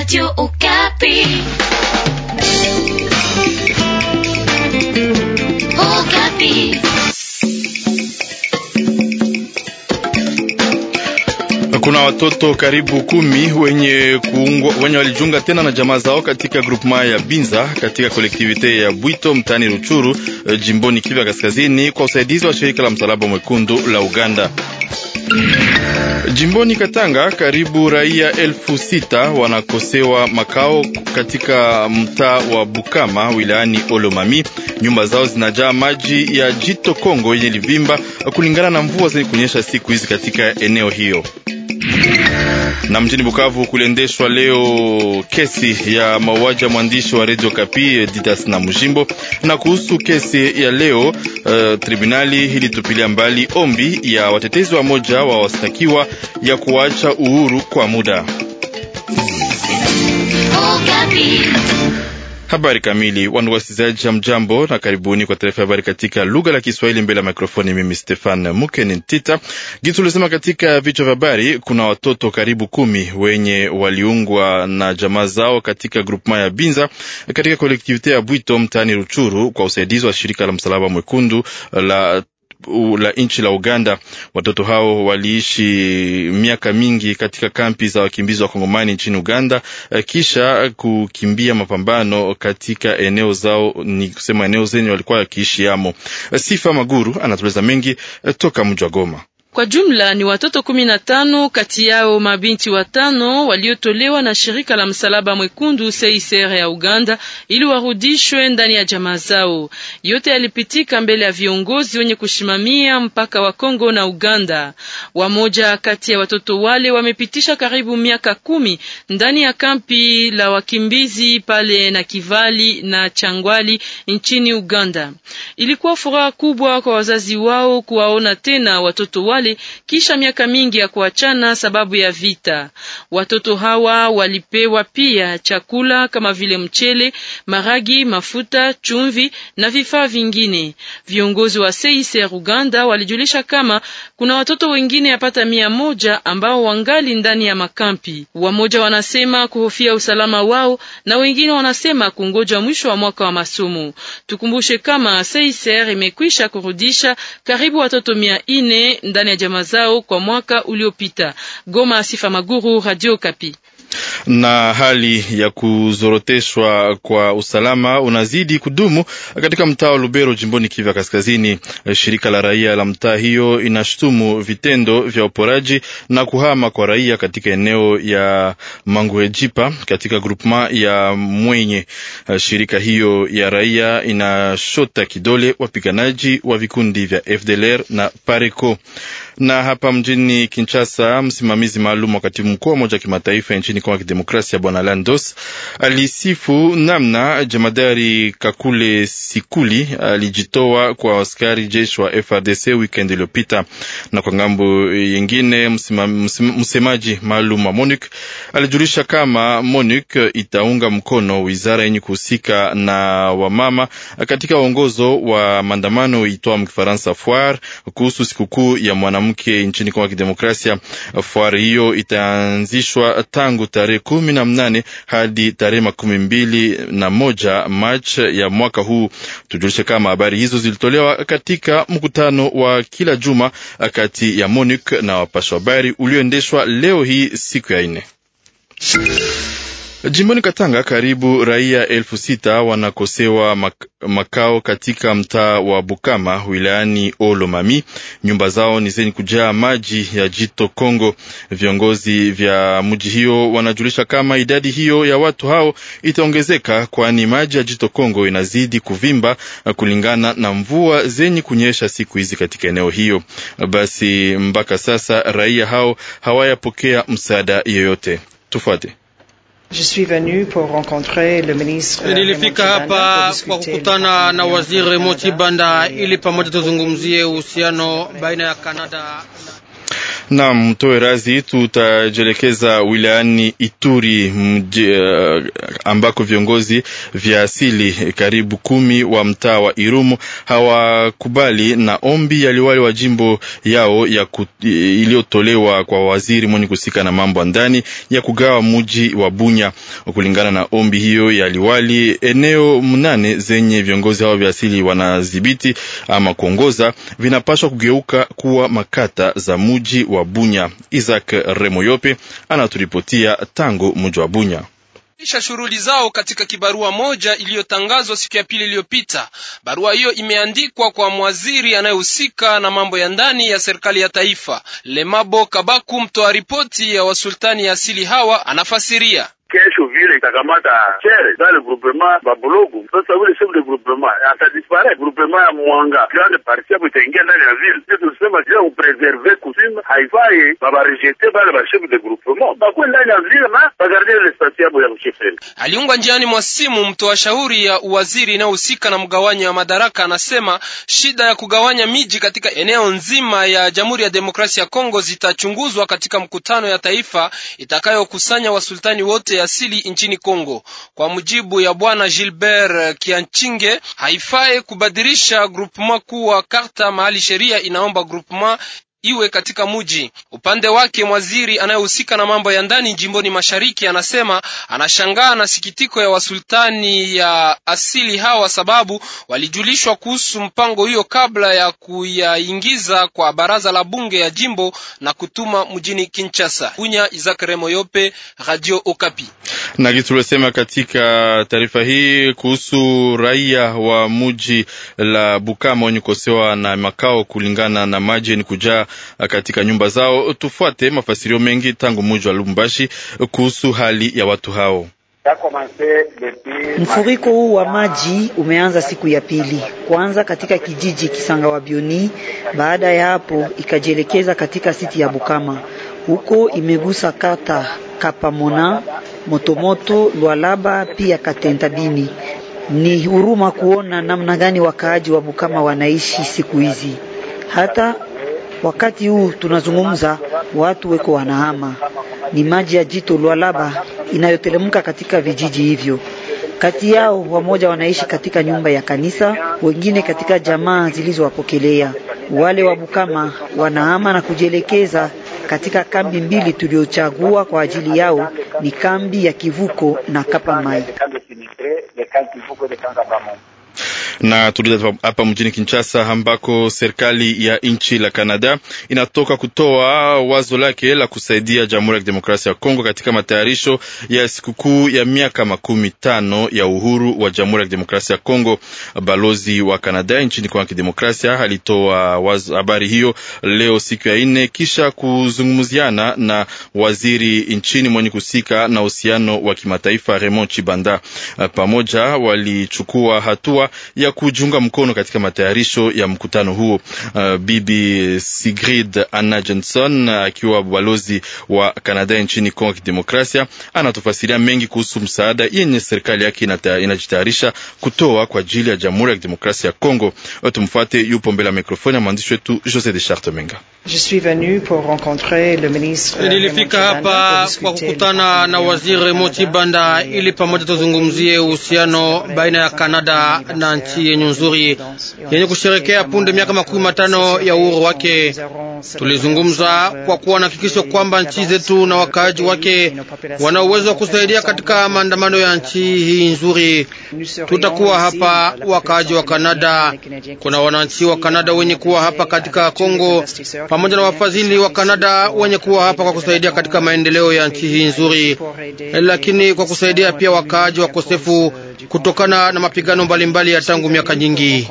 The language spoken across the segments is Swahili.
Radio Okapi. Okapi. Kuna watoto karibu kumi wenye kuungwa, wenye walijunga tena na jamaa zao katika grupema ya Binza katika kolektivite ya Bwito mtani Ruchuru eh, jimboni Kivu ya Kaskazini kwa usaidizi wa shirika la Msalaba Mwekundu la Uganda. Jimboni Katanga karibu raia elfu sita wanakosewa makao katika mtaa wa Bukama wilayani Olomami. Nyumba zao zinajaa maji ya jito Kongo yenye livimba kulingana na mvua zenye kunyesha siku hizi katika eneo hiyo. Na mjini Bukavu kuliendeshwa leo kesi ya mauaji ya mwandishi wa Radio Kapi Didas na Mujimbo. Na kuhusu kesi ya leo, uh, tribunali ilitupilia mbali ombi ya watetezi wa moja wa wastakiwa ya kuacha uhuru kwa muda. Oh, Habari kamili, wandugu wasikilizaji, hamjambo na karibuni kwa taarifa ya habari katika lugha la Kiswahili. Mbele ya mikrofoni mimi Stefan Mukeni Ntita. Jinsi tulisema katika vichwa vya habari, kuna watoto karibu kumi wenye waliungwa na jamaa zao katika grupema ya Binza katika kolektivite ya Bwito mtaani Ruchuru kwa usaidizi wa shirika la Msalaba Mwekundu la la nchi la Uganda. Watoto hao waliishi miaka mingi katika kampi za wakimbizi wa Kongomani nchini Uganda eh, kisha kukimbia mapambano katika eneo zao, ni kusema eneo zenye walikuwa wakiishi yamo. Eh, Sifa Maguru anatueleza mengi eh, toka mji wa Goma. Kwa jumla ni watoto kumi na tano kati yao mabinti watano waliotolewa na shirika la Msalaba Mwekundu CICR ya Uganda ili warudishwe ndani ya jamaa zao. Yote yalipitika mbele ya viongozi wenye kushimamia mpaka wa Kongo na Uganda. Wamoja kati ya watoto wale wamepitisha karibu miaka kumi ndani ya kampi la wakimbizi pale na Kivali na Changwali nchini Uganda. Ilikuwa furaha kubwa kwa wazazi wao kuwaona tena watoto wale Kale kisha miaka mingi ya kuachana sababu ya vita. Watoto hawa walipewa pia chakula kama vile mchele, maragi, mafuta, chumvi na vifaa vingine. Viongozi wa CICR Uganda walijulisha kama kuna watoto wengine yapata mia moja ambao wangali ndani ya makampi. Wamoja wanasema kuhofia usalama wao na wengine wanasema kungoja mwisho wa mwaka wa masomo. Tukumbushe kama CICR imekwisha kurudisha karibu watoto mia ine ndani ya jamaa zao kwa mwaka uliopita. Goma, Sifa Maguru, Radio Kapi na hali ya kuzoroteshwa kwa usalama unazidi kudumu katika mtaa wa Lubero jimboni Kivu Kaskazini. Eh, shirika la raia la mtaa hiyo inashutumu vitendo vya uporaji na kuhama kwa raia katika eneo ya Manguejipa katika grupema ya Mwenye. Eh, shirika hiyo ya raia inashota kidole wapiganaji wa vikundi vya FDLR na Pareco. Na hapa mjini Kinshasa, msimamizi maalum wa katibu mkuu wa Umoja wa Kimataifa nchini Kongo ya Kidemokrasia Bwana Landos alisifu namna jemadari Kakule Sikuli alijitoa kwa askari jeshi wa FRDC wikendi iliyopita. Na kwa ngambo yingine, msemaji maalum wa MONUC alijulisha kama MONUC itaunga mkono wizara yenye kuhusika na wamama katika uongozo wa maandamano itoa mkifaransa foire kuhusu sikukuu ya mwanamke mwanamke nchini Kongo ya Kidemokrasia. Fuari hiyo itaanzishwa tangu tarehe kumi na mnane hadi tarehe makumi mbili na moja Machi ya mwaka huu. Tujulishe kama habari hizo zilitolewa katika mkutano wa kila juma kati ya MONUC na wapasha habari ulioendeshwa leo hii siku ya nne. Jimboni Katanga karibu raia elfu sita wanakosewa mak makao katika mtaa wa Bukama wilayani Olomami. Nyumba zao ni zenye kujaa maji ya jito Kongo. Viongozi vya mji hiyo wanajulisha kama idadi hiyo ya watu hao itaongezeka, kwani maji ya jito Kongo inazidi kuvimba kulingana na mvua zenye kunyesha siku hizi katika eneo hiyo. Basi mpaka sasa raia hao hawayapokea msaada yoyote. Tufuate. Euh, Nilifika hapa kwa kukutana na waziri banda ili pamoja tuzungumzie uhusiano baina ya Kanada na na mtoe razi, tutajielekeza wilayani Ituri mje, uh, ambako viongozi vya asili eh, karibu kumi wa mtaa wa Irumu hawakubali na ombi ya liwali wa jimbo yao ya eh, iliyotolewa kwa waziri mwenye kusika na mambo ya ndani ya kugawa mji wa Bunya. Kulingana na ombi hiyo ya liwali, eneo mnane zenye viongozi hao vya asili wanadhibiti ama kuongoza vinapaswa kugeuka kuwa makata za mji wa wa Bunya. Isaac Remoyope anaturipotia tangu mji wa Bunya Kisha shughuli zao katika kibarua moja iliyotangazwa siku ya pili iliyopita. Barua hiyo imeandikwa kwa mwaziri anayehusika na mambo ya ndani ya serikali ya taifa Lemabo Kabaku, mtoa ripoti ya wasultani ya asili hawa, anafasiria atakamata chere dans le groupement Babulugu. Sasa ule chef de groupement eh, atadisparaître, groupement ya Mwanga grande partie hapo itaingia ndani ya ville. Sio tunasema je, upreserve kusima haifai babarejete bale ba chef de groupement bakuwe ndani ya ville na bagardie l'espace yabo ya kuchefeli. Aliungwa njiani mwa simu mtoa shauri ya uwaziri inayohusika na mgawanyo wa madaraka, anasema shida ya kugawanya miji katika eneo nzima ya Jamhuri ya Demokrasia ya Kongo zitachunguzwa katika mkutano ya taifa itakayokusanya wasultani wote asili nchini Kongo. Kwa mujibu ya bwana Gilbert Kianchinge, haifai kubadilisha groupement kuwa karta mahali sheria inaomba groupement iwe katika muji. Upande wake mwaziri anayehusika na mambo ya ndani jimboni mashariki anasema anashangaa na sikitiko ya wasultani ya asili hawa, sababu walijulishwa kuhusu mpango hiyo kabla ya kuyaingiza kwa baraza la bunge ya jimbo na kutuma mjini Kinshasa. Kunya Isaac Remo Yope, Radio Okapi. Na kitu tulisema katika taarifa hii kuhusu raia wa muji la Bukama wenye kukosewa na makao kulingana na maji ni kujaa katika nyumba zao. Tufuate mafasirio mengi tangu muji wa Lubumbashi kuhusu hali ya watu hao. Mfuriko huu wa maji umeanza siku ya pili, kwanza katika kijiji Kisanga wa Bioni, baada ya hapo ikajielekeza katika siti ya Bukama. Huko imegusa kata Kapamona, Motomoto, Lwalaba pia Katentabini. Ni huruma kuona namna gani wakaaji wa Bukama wanaishi siku hizi. Hata Wakati huu tunazungumza, watu weko wanahama, ni maji ya jito lwalaba inayotelemka katika vijiji hivyo. Kati yao wamoja wanaishi katika nyumba ya kanisa, wengine katika jamaa zilizowapokelea. Wale wa Bukama wanahama na kujielekeza katika kambi mbili tuliochagua kwa ajili yao, ni kambi ya Kivuko na kapamai na tuliza hapa mjini Kinshasa ambako serikali ya nchi la Kanada inatoka kutoa wazo lake la kusaidia Jamhuri ya Kidemokrasia ya Kongo katika matayarisho ya sikukuu ya miaka makumi tano ya uhuru wa Jamhuri ya Kidemokrasia ya Kongo. Balozi wa Kanada nchini Kongo ya Kidemokrasia alitoa habari hiyo leo siku ya nne kisha kuzungumziana na waziri nchini mwenye kusika na uhusiano wa kimataifa Raymond Chibanda. Pamoja walichukua hatua ya kujiunga mkono katika matayarisho ya mkutano huo. Uh, Bibi Sigrid Anna Johnson uh, akiwa balozi wa Kanada nchini Kongo Kidemokrasia anatufasiria mengi kuhusu msaada yenye serikali yake inajitayarisha kutoa kwa ajili ya Jamhuri ya Kidemokrasia ya Kongo. Tumfuate, yupo mbele ya mikrofoni ya mwandishi wetu Jose de Charles Menga. Nilifika hapa kwa kukutana na waziri Moti Banda ili pamoja tuzungumzie uhusiano baina ya Kanada na nchi yenye nzuri yenye kusherekea punde miaka makumi matano ya uhuru wake. Tulizungumza kwa kuwa na hakikisho kwamba nchi zetu na wakaaji wake wana uwezo wa kusaidia katika maandamano ya nchi hii nzuri. Tutakuwa hapa wakaaji wa Kanada, kuna wananchi wa Kanada wenye kuwa hapa katika Kongo pamoja na wafadhili wa Kanada wenye kuwa hapa kwa kusaidia katika maendeleo ya nchi hii nzuri, lakini kwa kusaidia pia wakaaji wakosefu kutokana na mapigano mbalimbali ya tangu miaka nyingi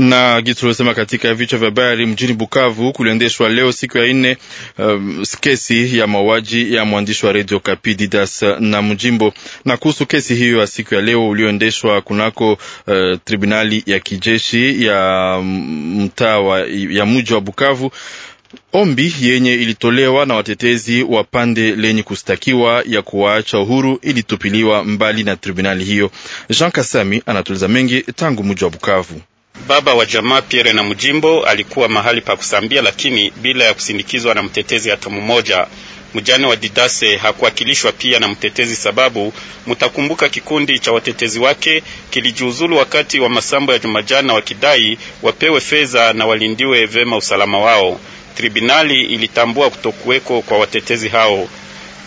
na gitu tuliosema katika vichwa vya habari mjini Bukavu kuliendeshwa leo siku ya nne um, kesi ya mauaji ya mwandishi wa redio Kapi Didas na Mjimbo. Na kuhusu kesi hiyo ya siku ya leo ulioendeshwa kunako uh, tribunali ya kijeshi ya mtaa ya mji wa Bukavu, ombi yenye ilitolewa na watetezi wa pande lenye kustakiwa ya kuwaacha uhuru ilitupiliwa mbali na tribunali hiyo. Jean Kasami anatuliza mengi tangu mji wa Bukavu. Baba wa jamaa Pierre na Mjimbo alikuwa mahali pa kusambia, lakini bila ya kusindikizwa na mtetezi hata mmoja. Mjane wa Didase hakuwakilishwa pia na mtetezi, sababu mtakumbuka kikundi cha watetezi wake kilijiuzulu wakati wa masambo ya jumajana, wakidai wapewe fedha na walindiwe vema usalama wao. Tribunali ilitambua kutokuweko kwa watetezi hao.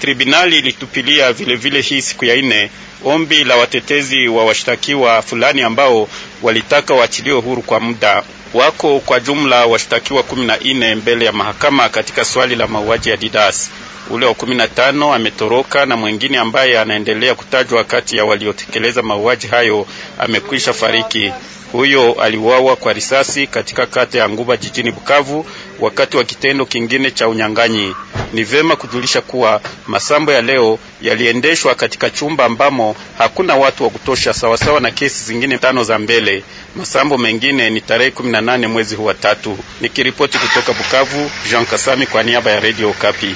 Tribunali ilitupilia vilevile hii siku ya nne ombi la watetezi wa washtakiwa fulani ambao walitaka waachiliwe huru kwa muda. Wako kwa jumla washtakiwa kumi na nne mbele ya mahakama katika swali la mauaji ya Didas. Ule wa kumi na tano ametoroka na mwengine ambaye anaendelea kutajwa kati ya waliotekeleza mauaji hayo amekwisha fariki. Huyo aliuawa kwa risasi katika kata ya Nguba jijini Bukavu wakati wa kitendo kingine cha unyang'anyi. Ni vema kujulisha kuwa masambo ya leo yaliendeshwa katika chumba ambamo hakuna watu wa kutosha, sawasawa na kesi zingine tano za mbele. Masambo mengine ni tarehe 18 mwezi huu wa tatu. Nikiripoti kutoka Bukavu, Jean Kasami kwa niaba ya Radio Okapi.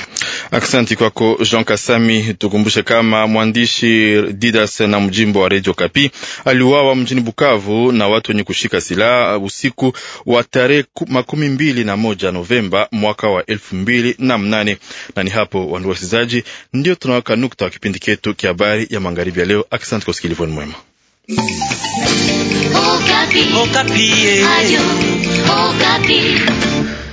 Aksanti kwako Jean Kasami. Tukumbushe kama mwandishi Didas na mjimbo wa redio Kapi aliuawa mjini Bukavu na watu wenye kushika silaha usiku wa tarehe makumi mbili na moja Novemba mwaka wa elfu mbili na mnane. Na ni hapo wandu wasikilizaji, ndio tunaweka nukta wa kipindi ketu kia habari ya magharibi ya leo. Aksanti kwa usikilivoni mwema Okapi. Oh, Okapi. Oh, eh. Ayu, Okapi. Oh,